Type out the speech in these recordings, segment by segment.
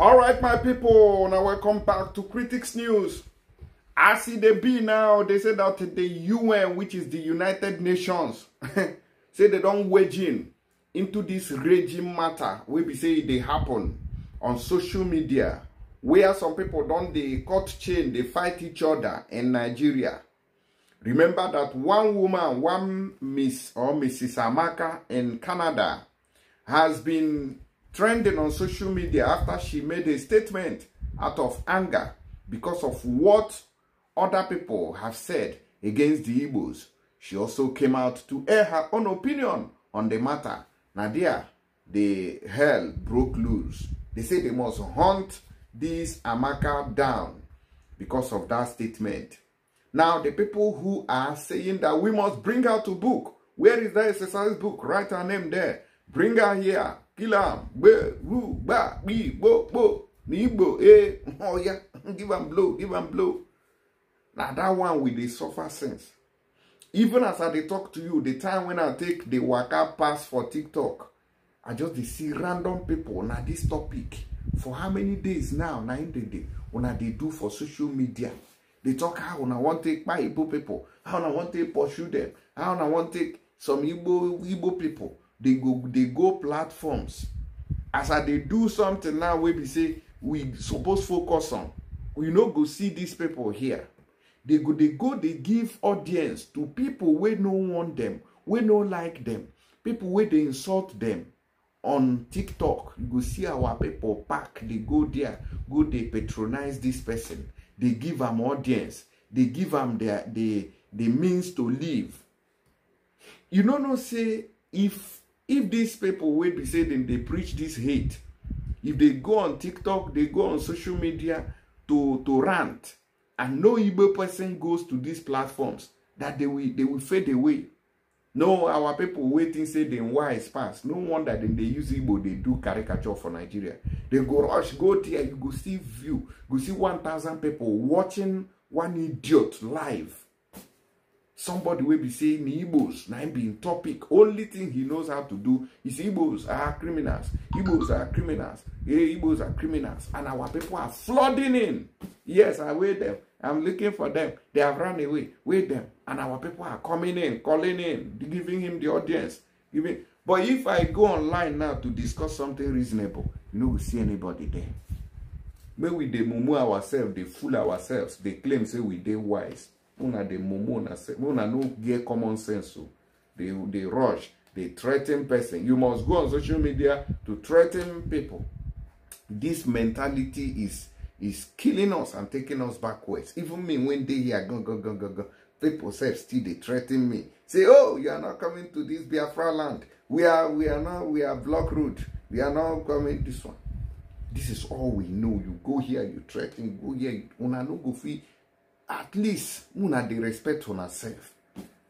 All right, my people, now welcome back to Critics News. I see they be now, they say that the UN, which is the United Nations, say they don't wage in into this raging matter. We be say they happen on social media, where some people don't they cut chain, they fight each other in Nigeria. Remember that one woman, one Miss or Mrs. Amaka in Canada has been trending on social media after she made a statement out of anger because of what other people have said against the Igbos. She also came out to air her own opinion on the matter. Nadia, the hell broke loose. They say they must hunt this Amaka down because of that statement. Now, the people who are saying that we must bring her to book. Where is that exercise book? Write her name there. Bring her here. kilam gberu gba kpi kpokpo na igbo e oya give am blow give am blow na that one we dey suffer since even as i dey talk to you the time when i take dey waka pass for tiktok i just dey see random people na this topic for how many days now na im dey dey una dey do for social media dey talk how una wan take kpai igbo people how una wan take pursue them how una wan take some igbo igbo people they go they go platforms as i dey do something now wey be say we suppose focus on we no go see these people here they go dey go dey give audience to people wey no want them wey no like them people wey dey insult them on tiktok you go see our people pack dey go there go dey patronize this person dey give am audience dey give am their the the means to live you no know say if if these people will be saying they preach this hate if they go on tiktok they go on social media to to rant and no igbo person goes to these platforms that they will they will fade away no our people waiting say dem wise pass no wonder then they use igbo they do caricature for nigeria They go rush go there you go see view go see one thousand people watching one idiot live somebody wey be say na igbos na im be im topic only thing he knows how to do is igbos are criminals igbos are criminals Yeah, igbos are criminals and our people are flooding in yes i wait them i'm looking for them they have run away wait them and our people are coming in calling in giving him the audience giving but if i go online now to discuss something reasonable you no go see anybody there make we dey mumu ourselves dey fool ourselves dey claim say we dey wise una dey mumu una say una no get common sense o oh. dey dey rush They threaten person you must go on social media to threaten people this mentality is is killing us and taking us backwards even me when they here go go go go go. people sef still dey threaten me say oh you are not coming to this biafra land we are we are now we are block road we are now coming this one this is all we know you go here you threaten go here una no go fit at least una dey respect una sef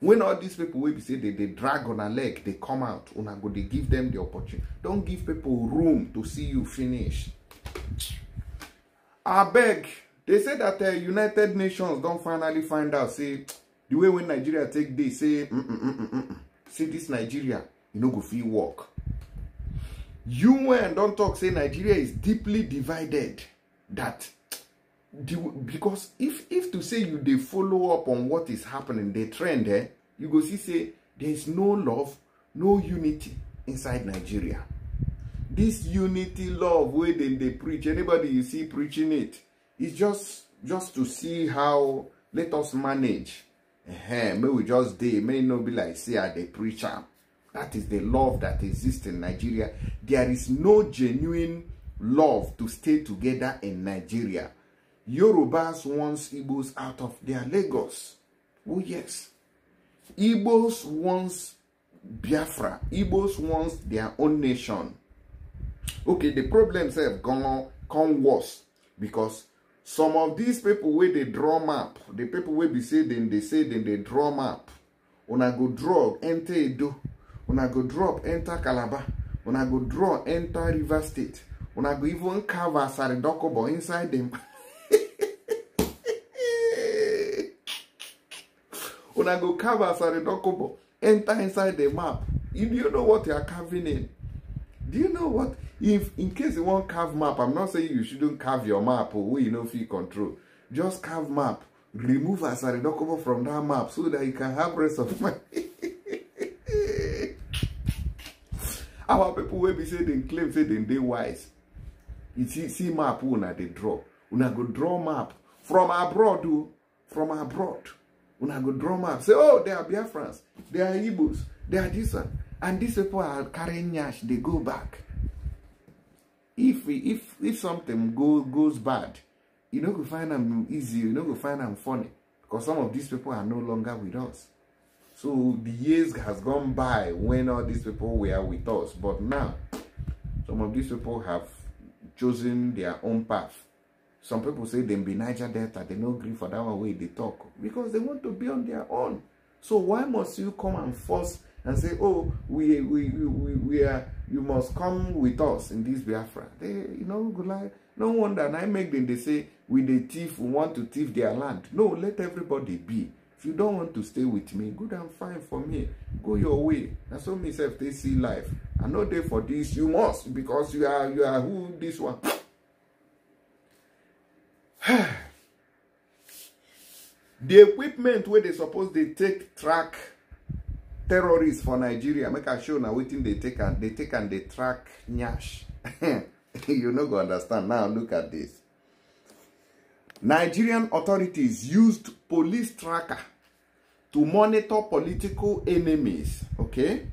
when all these people wey be say dey dey drag una leg dey come out una go dey give them the opportunity don give people room to see you finish abeg they say that uh, united nations don finally find out say the way wey nigeria take dey say mm -mm -mm -mm -mm, mm say this nigeria e no go fit work un don talk say nigeria is deeply divided that do because if if to say you they follow up on what is happening the trend eh you go see say there is no love no unity inside nigeria this unity love way then they preach anybody you see preaching it is just just to see how let us manage uh -huh. may we just they may not be like say a preacher. that is the love that exists in nigeria there is no genuine love to stay together in nigeria Yorubas wants Igbos out of their Lagos. Oh, yes. Igbos wants Biafra. Igbos wants their own nation. Okay, the problems have gone come worse because some of these people where they draw map, the people where be say then they say then they draw map. When I go draw, enter Edo. When I go drop, enter Calabar. When I go draw, enter River State. When I go even cover a Saridokobo inside them. una go carve as aredokobo enter inside the map you, do you know what you are carving in do you know what if in case you wan carve map i'm not saying you shouldn't carve your map or oh, wey you no know, fit control just carve map remove as aredokobo from that map so that you can have rest of mind. our people wey be say dem claim say dem dey wise you see see map una dey draw una go draw map from abroad o oh. from abroad When I go drama. say, oh, they are Biafrans, they are Igbos, they are this one. And these people are carrying yash, they go back. If if if something go, goes bad, you know, go find them easy, you know, go find them funny. Because some of these people are no longer with us. So the years has gone by when all these people were with us. But now, some of these people have chosen their own path. Some people say them be Niger Delta, they no agree for that way they talk because they want to be on their own. So why must you come and force and say, oh, we we we, we are you must come with us in this Biafra? They you know go like no wonder and I make them they say we the thief we want to thief their land. No, let everybody be. If you don't want to stay with me, good and fine for me. Go your way. That's what myself they see life. I know they for this. You must because you are you are who this one. the equipment wey dey suppose dey take track terrorists for nigeria make i show na wetin dey take am dey take am dey track nyash you no go understand now look at this nigerian authorities used police tracker to monitor political enemies okay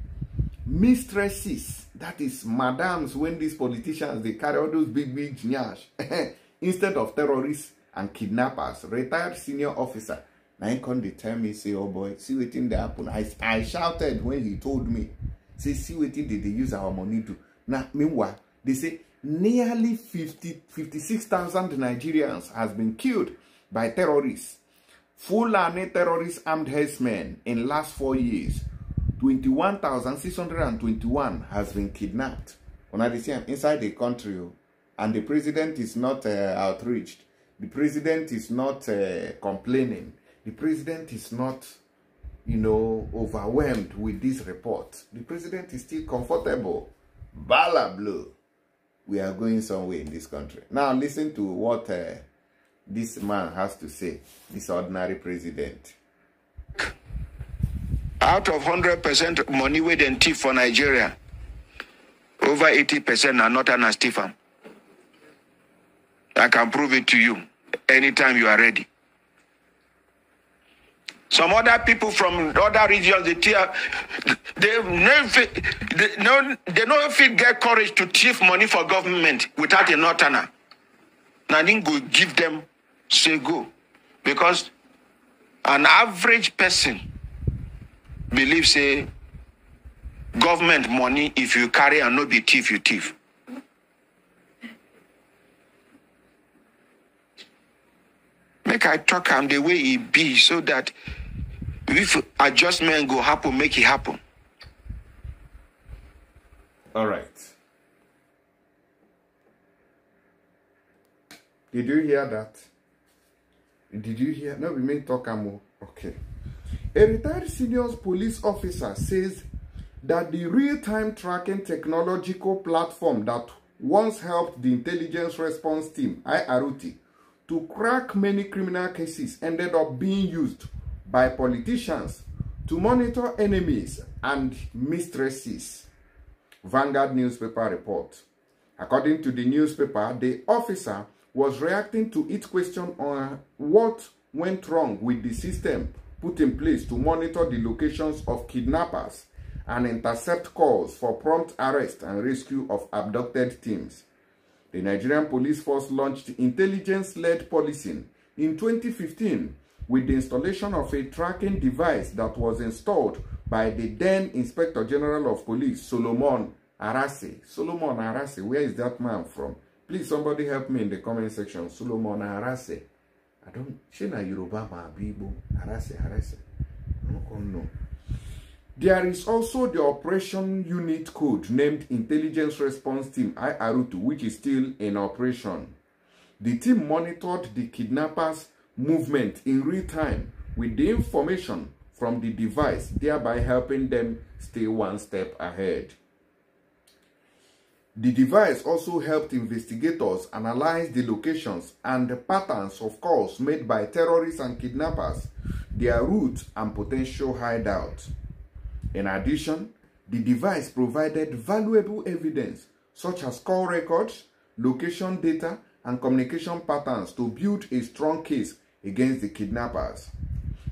mistresses that is madams when these politicians dey carry all those big big nyash instead of terrorists and kidnappers retired senior officer na him come dey tell me say oh boy see wetin dey happen i i shouted when he told me say see wetin dey dey use our money do na meanwhile they say nearly fifty fifty six thousand nigerians has been killed by terrorists fulani terrorist armed herdsmen in last four years twenty twenty one thousand six hundred and one has been kidnapped una dey see am inside the country o. Oh. And the president is not uh, The president is not uh, complaining. The president is not, you know, overwhelmed with this report. The president is still comfortable. Bala blue. We are going somewhere in this country. Now listen to what uh, this man has to say, this ordinary president. Out of 100% money we then thief for Nigeria, over 80% are not an as thief. I can prove it to you anytime you are ready. Some other people from other regions, they tear, they never, they no, they no fit get courage to thief money for government without a notana. Nothing give them say go, because an average person believes say government money if you carry and not be thief you thief. make i talk am the way he be so that if adjustment go happen make it happen. all right did you hear that did you hear no we may talk am o okay a retired senior police officer says that the real-time tracking technological platform that once helped the intelligence response team IRUT, to crack many criminal cases ended up being used by politicians to monitor enemies and mistresses. Vanguard newspaper report. According to the newspaper, the officer was reacting to its question on what went wrong with the system put in place to monitor the locations of kidnappers and intercept calls for prompt arrest and rescue of abducted teams. The Nigerian Police Force launched intelligence-led policing in 2015 with the installation of a tracking device that was installed by the then Inspector General of Police, Solomon Arase. Solomon Arase, where is that man from? Please, somebody help me in the comment section. Solomon Arase. I don't... She na Yoruba, ma, Bibo. Arase, Arase. I don't know. There is also the operation unit code named Intelligence Response Team, IRU2, which is still in operation. The team monitored the kidnappers' movement in real time with the information from the device, thereby helping them stay one step ahead. The device also helped investigators analyze the locations and the patterns of calls made by terrorists and kidnappers, their route and potential hideouts. In addition, the device provided valuable evidence such as call records, location data, and communication patterns to build a strong case against the kidnappers.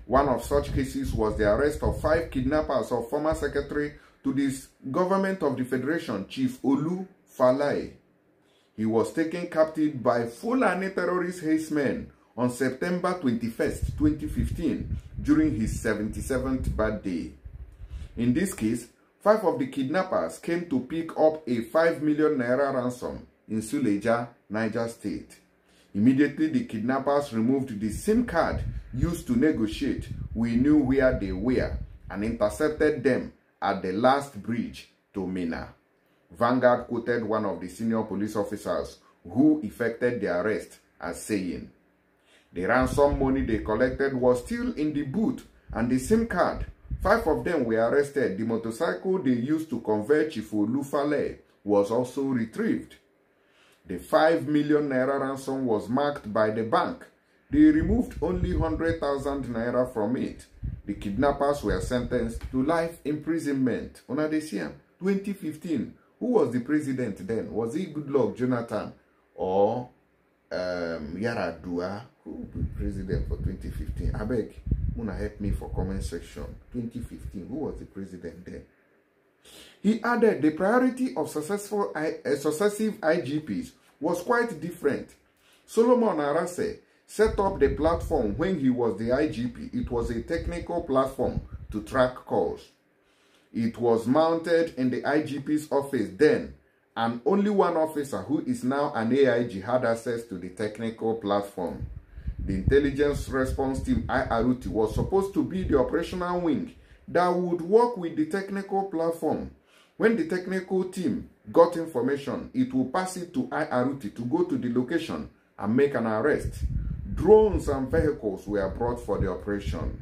One of such cases was the arrest of five kidnappers of former secretary to the government of the Federation, Chief Olu Falai. He was taken captive by Fulani terrorist henchmen on September 21, 2015, during his 77th birthday. In this case, five of the kidnappers came to pick up a 5 million naira ransom in Suleja, Niger State. Immediately, the kidnappers removed the SIM card used to negotiate. We knew where they were and intercepted them at the last bridge to Mina. Vanguard quoted one of the senior police officers who effected the arrest as saying, The ransom money they collected was still in the boot and the SIM card Five of them were arrested. The motorcycle they used to convert Chifolu Fale was also retrieved. The 5 million naira ransom was marked by the bank. They removed only 100,000 naira from it. The kidnappers were sentenced to life imprisonment. Onadesiam, 2015. Who was the president then? Was it Goodluck Jonathan or um, Yaradua? Who will be president for 2015? I beg. Muna help me for comment section. 2015, who was the president then? He added the priority of successful uh, successive IGPs was quite different. Solomon Arase set up the platform when he was the IGP. It was a technical platform to track calls. It was mounted in the IGP's office then, and only one officer who is now an AIG had access to the technical platform. The Intelligence Response Team IRUT was supposed to be the operational wing that would work with the technical platform. When the technical team got information, it will pass it to IRUT to go to the location and make an arrest. Drones and vehicles were brought for the operation,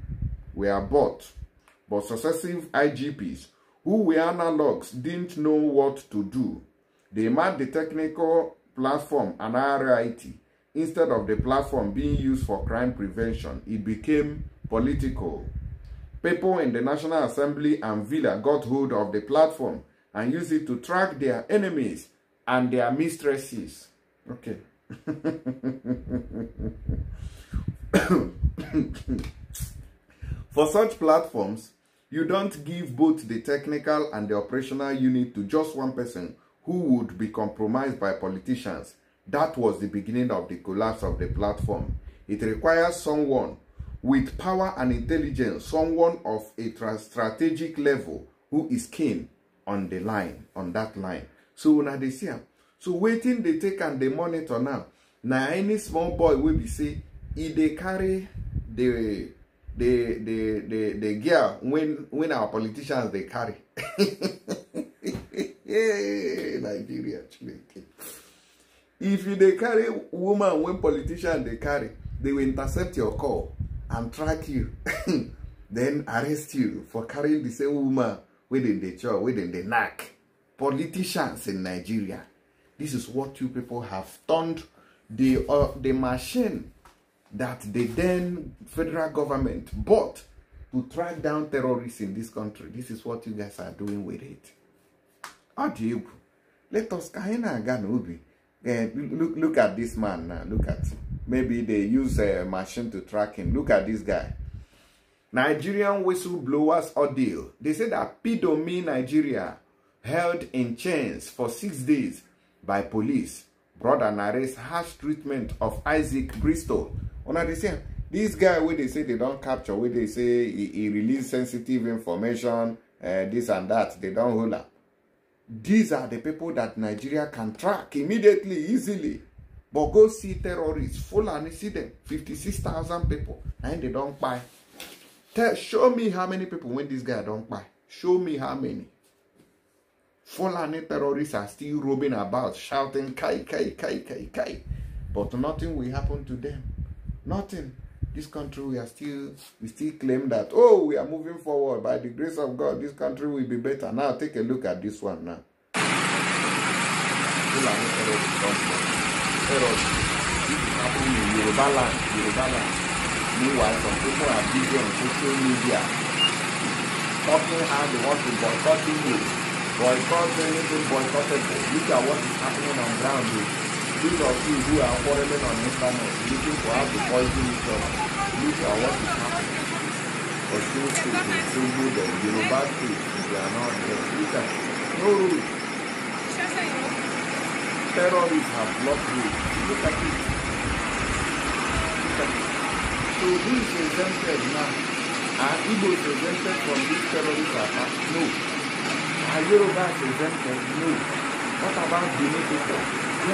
were bought, but successive IGPs who were analogs didn't know what to do. They marked the technical platform and RIT instead of the platform being used for crime prevention, it became political. People in the National Assembly and Villa got hold of the platform and used it to track their enemies and their mistresses. Okay. for such platforms, you don't give both the technical and the operational unit to just one person who would be compromised by politicians that was the beginning of the collapse of the platform. It requires someone with power and intelligence, someone of a strategic level who is keen on the line, on that line. So now they see So waiting they take and they monitor now. Now any small boy will be say if they carry the the the the, the gear when when our politicians they carry. Nigeria actually. If they carry woman when politician they carry, they will intercept your call and track you, then arrest you for carrying the same woman within the chair, within the neck. Politicians in Nigeria, this is what you people have turned the uh, the machine that the then federal government bought to track down terrorists in this country. This is what you guys are doing with it. Adieu. Let us kahina aga n'obi. Uh, look, look at this man now. Look at Maybe they use a machine to track him. Look at this guy. Nigerian whistleblowers ordeal. They say that Pidomi Nigeria held in chains for six days by police. Brother narrates harsh treatment of Isaac Bristol. Una they say, this guy where they say they don't capture, where they say he, he released sensitive information, uh, this and that, they don't hold up. These are the people that Nigeria can track immediately, easily. But go see terrorists, Fulani, see them, thousand people, and they don't buy. Tell, show me how many people when this guy don't buy. Show me how many. Fulani terrorists are still roaming about, shouting, Kai, Kai, Kai, Kai, Kai. But nothing will happen to them. Nothing this country we are still we still claim that oh we are moving forward by the grace of god this country will be better now take a look at this one now Yoruba land, Yoruba land. Meanwhile, some people are busy on social media talking how they want to boycott English, boycott anything boycottable. Look at what is happening on ground here. these are things who are following on Instagram, looking for how to poison each other. Look at what is happening. But so sick, it's so good that you know, bad things, they are not there. Look at No rules. Terrorists have blocked rules. Look at it. Look at it. So who is exempted now? Are Igbos exempted from this terrorist attack? No. Are Yoruba exempted? No. What about the people? on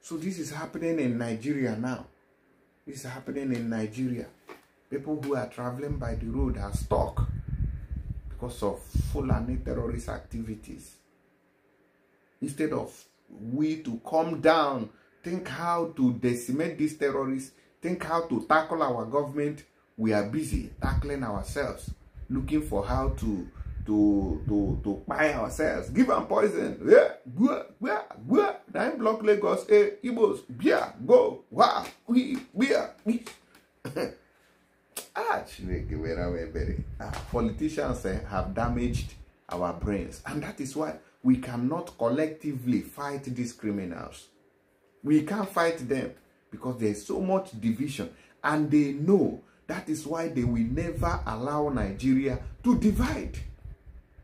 So this is happening in Nigeria now. This is happening in Nigeria people who are traveling by the road are stuck because of full and terrorist activities. Instead of we to come down, think how to decimate these terrorists, think how to tackle our government, we are busy tackling ourselves, looking for how to to to to buy ourselves, give them poison. Yeah, go, go, go. Nine block Lagos, eh, Igbos, beer, go, wow, we, beer, we. Ah, ah, politicians eh, have damaged our brains. And that is why we cannot collectively fight these criminals. We can't fight them because there is so much division. And they know that is why they will never allow Nigeria to divide.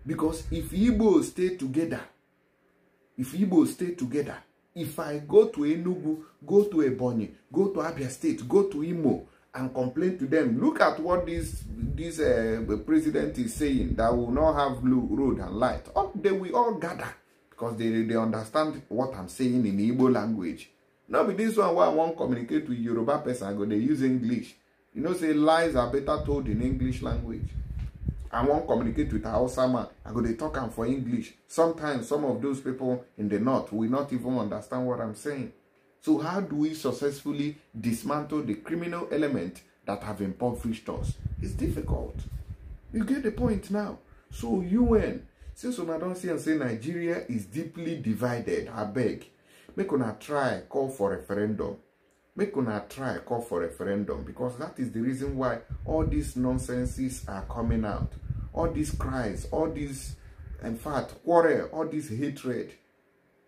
Because if Igbo stay together, if Igbo stay together, if I go to Enugu, go to Ebonyi, go to Abia State, go to Imo, and complain to them look at what this this uh, president is saying that will not have blue road and light all they will all gather because they they understand what i'm saying in igbo language Not with this one wey i wan communicate with yoruba person i go they use english you know say lies are better told in english language i wan communicate with hausa i go they talk am for english sometimes some of those people in the north will not even understand what i'm saying So how do we successfully dismantle the criminal element that have impoverished us? It's difficult. You get the point now. So UN, since don't see and say Nigeria is deeply divided, I beg, make una try call for referendum. Make una try call for referendum because that is the reason why all these nonsenses are coming out. All these cries, all these, in fact, quarrel, all this hatred.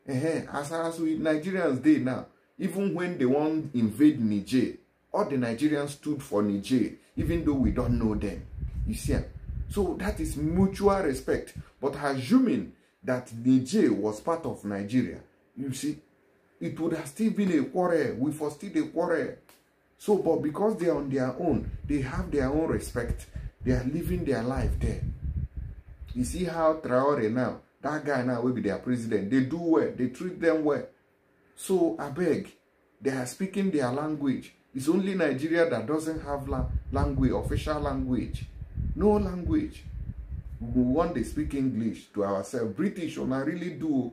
Uh -huh. As as we Nigerians did now, even when they want invade Niger, all the Nigerians stood for Niger, even though we don't know them. You see, so that is mutual respect. But assuming that Niger was part of Nigeria, you see, it would have still been a quarrel. We still a quarrel. So, but because they are on their own, they have their own respect. They are living their life there. You see how Traore now, that guy now will be their president. They do well. They treat them well. So I beg, they are speaking their language. It's only Nigeria that doesn't have la language, official language. No language. We want to speak English to ourselves. British, and I really do.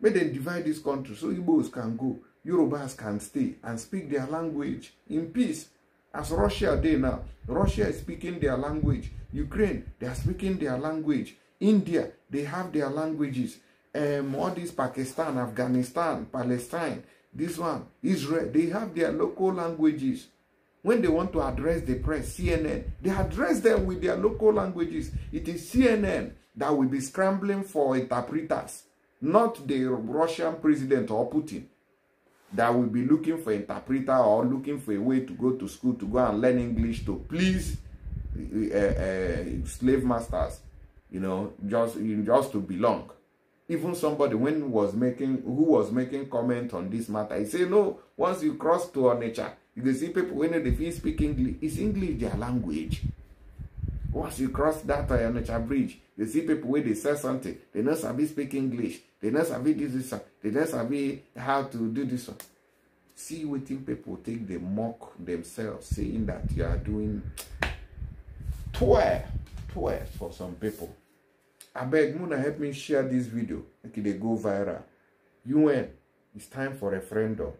May they divide this country so Igbos can go, Yorubas can stay and speak their language in peace. As Russia day now, Russia is speaking their language. Ukraine, they are speaking their language. India, they have their languages um, eh, all these Pakistan, Afghanistan, Palestine, this one, Israel, they have their local languages. When they want to address the press, CNN, they address them with their local languages. It is CNN that will be scrambling for interpreters, not the Russian president or Putin that will be looking for interpreter or looking for a way to go to school to go and learn English to please uh, uh, slave masters, you know, just just to belong even somebody when was making who was making comment on this matter he say no once you cross to our nature you see people when they dey speak english it's english their language once you cross that Onitsha bridge they see people when they say something they know sabi speak english they know sabi do this one they know sabi how to do this one see waiting people take the mock themselves saying that you are doing twelve twelve for some people abeg muna help me share this video make e dey go viral un it's time for referendum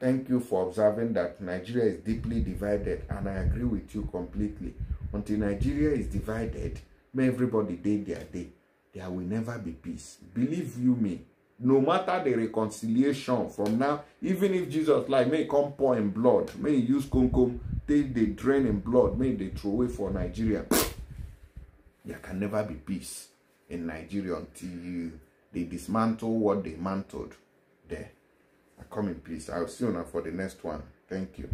thank you for observing that nigeria is deeply divided and i agree with you completely until nigeria is divided may everybody dey their day there will never be peace believe you me no matter the reconciliation from now even if jesus like may e come pour in blood may e use kom kom take dey drain in blood may e dey throw away for nigeria there can never be peace in Nigeria until they dismantle what they mantled there. I come in peace. I'll see you now for the next one. Thank you.